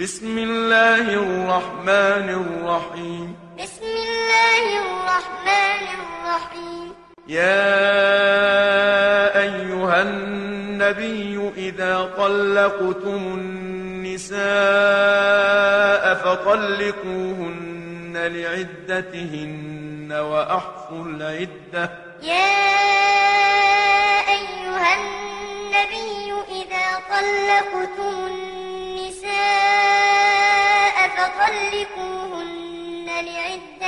بسم الله الرحمن الرحيم بسم الله الرحمن الرحيم يا أيها النبي إذا طلقتم النساء فطلقوهن لعدتهن وأحصوا العدة يا أيها النبي إذا طلقتم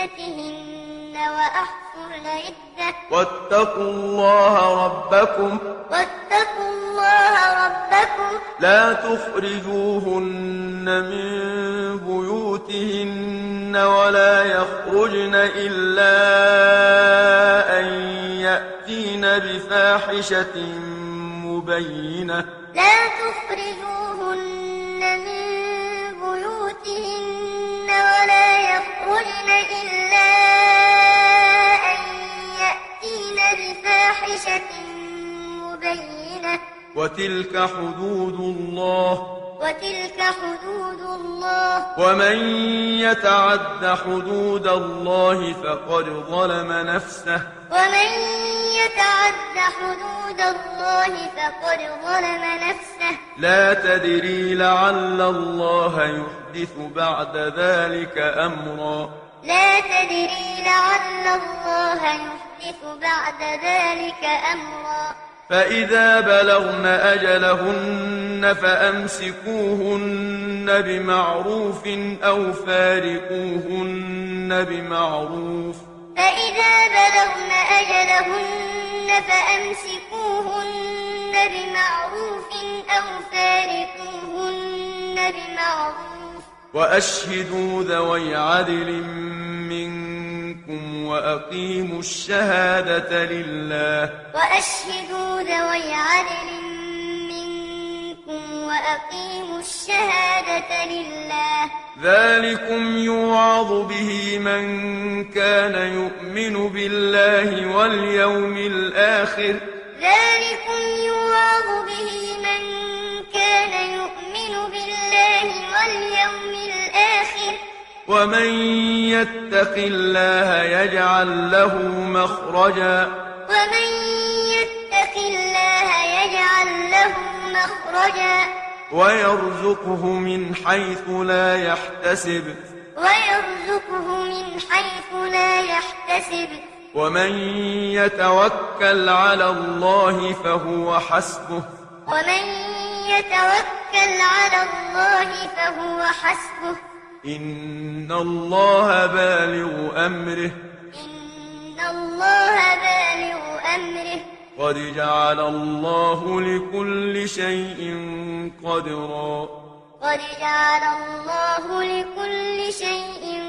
عدتهن وأحصن العده واتقوا الله ربكم واتقوا الله ربكم لا تخرجوهن من بيوتهن ولا يخرجن إلا أن يأتين بفاحشة مبينة لا تخرجوهن من بيوتهن ولا يخرجن وتلك حدود الله وتلك حدود الله ومن يتعد حدود الله فقد ظلم نفسه ومن يتعد حدود الله فقد ظلم نفسه لا تدري لعل الله يحدث بعد ذلك أمرا لا تدري لعل الله يحدث بعد ذلك أمرا فإذا بلغن أجلهن فأمسكوهن بمعروف أو فارقوهن بمعروف فإذا بلغن أجلهن فأمسكوهن بمعروف أو فارقوهن بمعروف وأشهدوا ذوي عدل منكم منكم وأقيموا الشهادة لله وأشهدوا ذوي عدل منكم وأقيموا الشهادة لله ذلكم يوعظ به من كان يؤمن بالله واليوم الآخر ذلكم يوعظ به من كان يؤمن بالله واليوم الآخر ومن يتق الله يجعل له مخرجا ومن يتق الله يجعل له مخرجا ويرزقه من حيث لا يحتسب ويرزقه من حيث لا يحتسب ومن يتوكل على الله فهو حسبه ومن يتوكل على الله فهو حسبه إن الله بالغ أمره إن الله بالغ أمره قد جعل الله لكل شيء قدرا قد جعل الله لكل شيء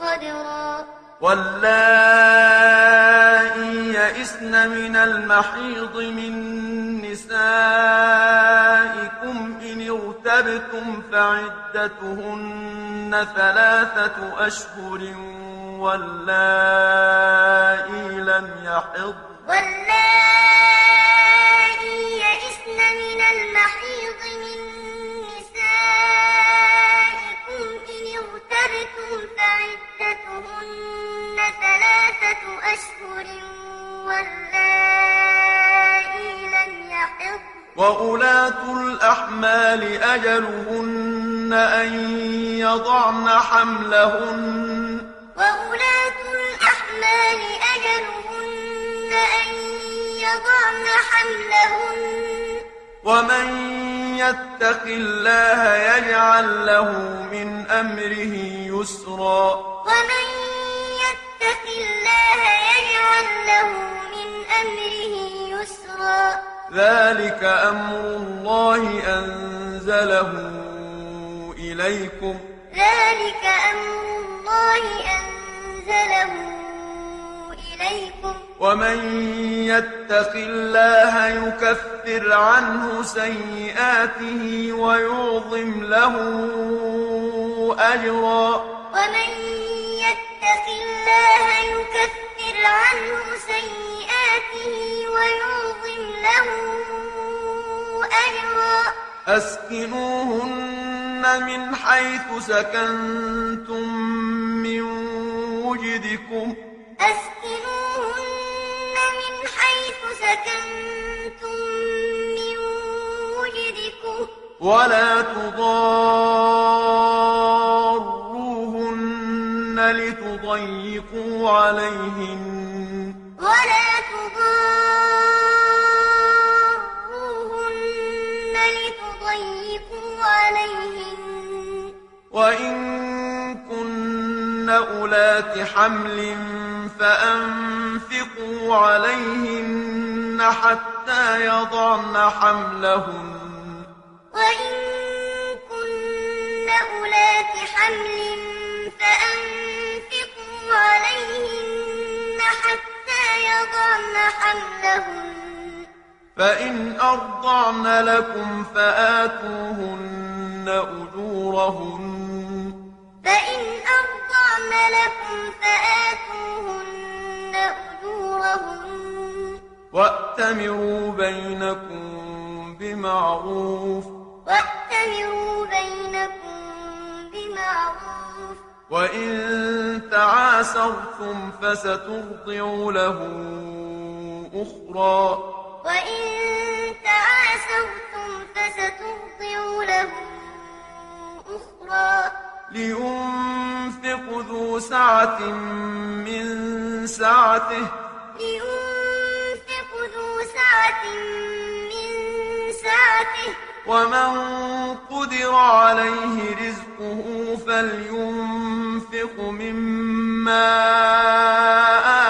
قدرا واللائي يئسن من المحيض من نسائكم ارتبتم فعدتهن ثلاثة أشهر واللائي لم يحض واللائي يئسن من المحيض من نسائكم إن ارتبتم فعدتهن ثلاثة أشهر واللائي وأولاة الأحمال أجلهن أن يضعن حملهن وأولاة الأحمال أجلهن أن يضعن حملهن ومن يتق الله يجعل له من أمره يسرا ومن يتق الله يجعل له من أمره يسرا ذلك أمر الله أنزله إليكم ذلك أمر الله أنزله إليكم ومن يتق الله يكفر عنه سيئاته ويعظم له أجرا ومن يتق الله يكفر عنه سيئاته ويعظم له أجرا أسكنوهن من حيث سكنتم من وجدكم أسكنوهن من حيث سكنتم من وجدكم ولا تضاروهن لتضيقوا عليهن وإن كن أولات حمل فأنفقوا عليهن حتى يضعن حملهن وإن كن أولات حمل فأنفقوا عليهن حتى يضعن حملهن فإن أرضعن لكم فآتوهن أجورهن فإن أرضعن لكم فآتوهن أجورهن وأتمروا بينكم بمعروف وأتمروا بينكم بمعروف وإن تعاسرتم فسترضع له أخرى وإن من سعته لينفق ذو سعة من سعته ومن قدر عليه رزقه فلينفق مما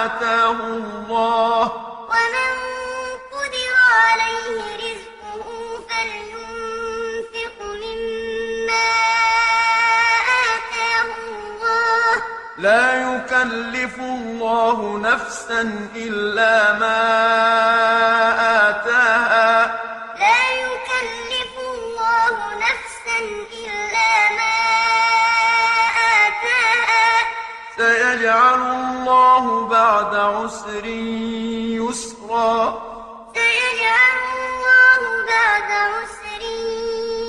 آتاه الله الله نفسا إلا ما آتاها لا يكلف الله نفسا إلا ما آتاها سيجعل الله بعد عسر يسرا سيجعل الله بعد عسر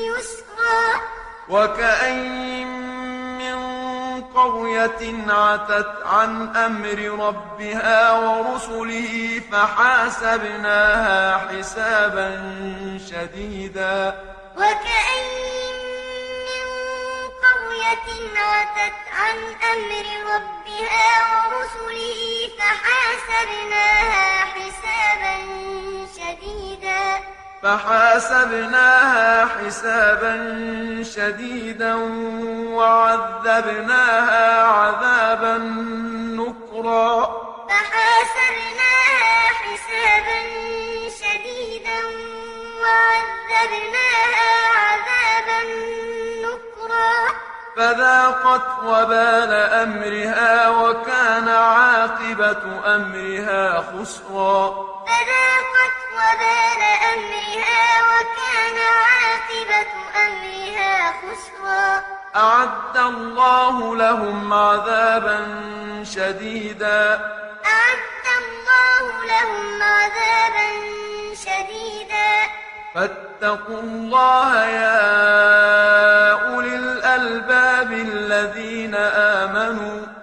يسرا وكأين قرية عتت عن أمر ربها ورسله فحاسبناها حسابا شديدا وكأين من قرية عتت عن أمر ربها ورسله فحاسبناها فحاسبناها حسابا شديدا وعذبناها عذابا نكرا فحاسبناها حسابا شديدا وعذبناها عذابا نكرا فذاقت وبال أمرها وكان عاقبة أمرها خسرا فذاقت وبال أمرها وكان عاقبة أمرها خسرا أعد الله لهم عذابا شديدا أعد الله لهم عذابا شديدا فاتقوا الله يا أولي الألباب الذين آمنوا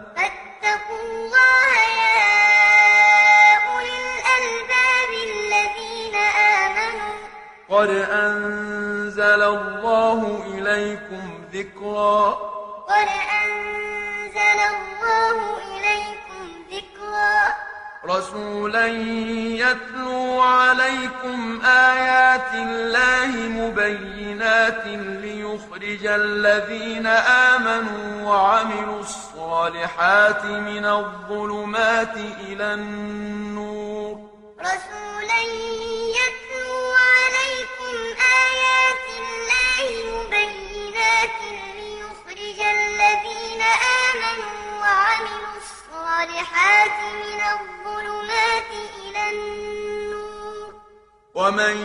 قد أنزل الله إليكم ذكرا قد أنزل الله إليكم ذكرا رسولا يتلو عليكم آيات الله مبينات ليخرج الذين آمنوا وعملوا الصالحات من الظلمات إلى النور رسولا الصالحات من الظلمات إلى النور ومن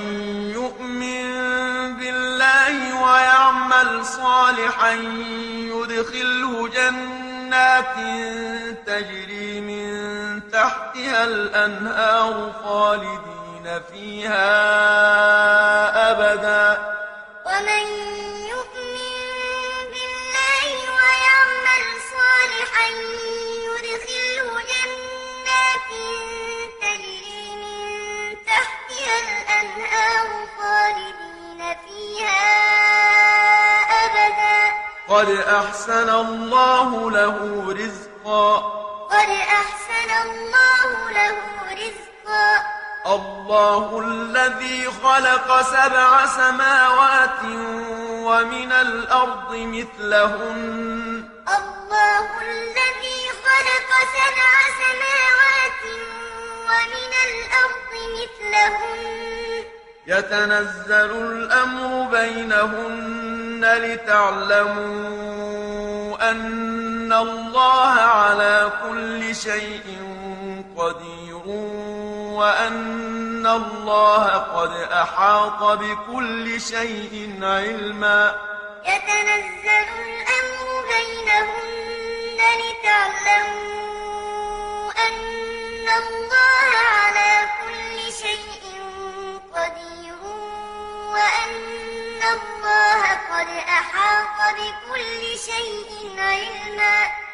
يؤمن بالله ويعمل صالحا يدخله جنات تجري من تحتها الأنهار خالدين فيها أبداً قد أحسن الله له رزقا قد أحسن الله له رزقا الله الذي خلق سبع سماوات ومن الأرض مثلهن الله الذي خلق سبع سماوات ومن الأرض مثلهن يتنزل الأمر بينهن أَنَّ لتعلموا أن الله على كل شيء قدير وأن الله قد أحاط بكل شيء علما يتنزل الأمر بَيْنَهُمْ لتعلموا أن الله قد أحاط بكل شيء علما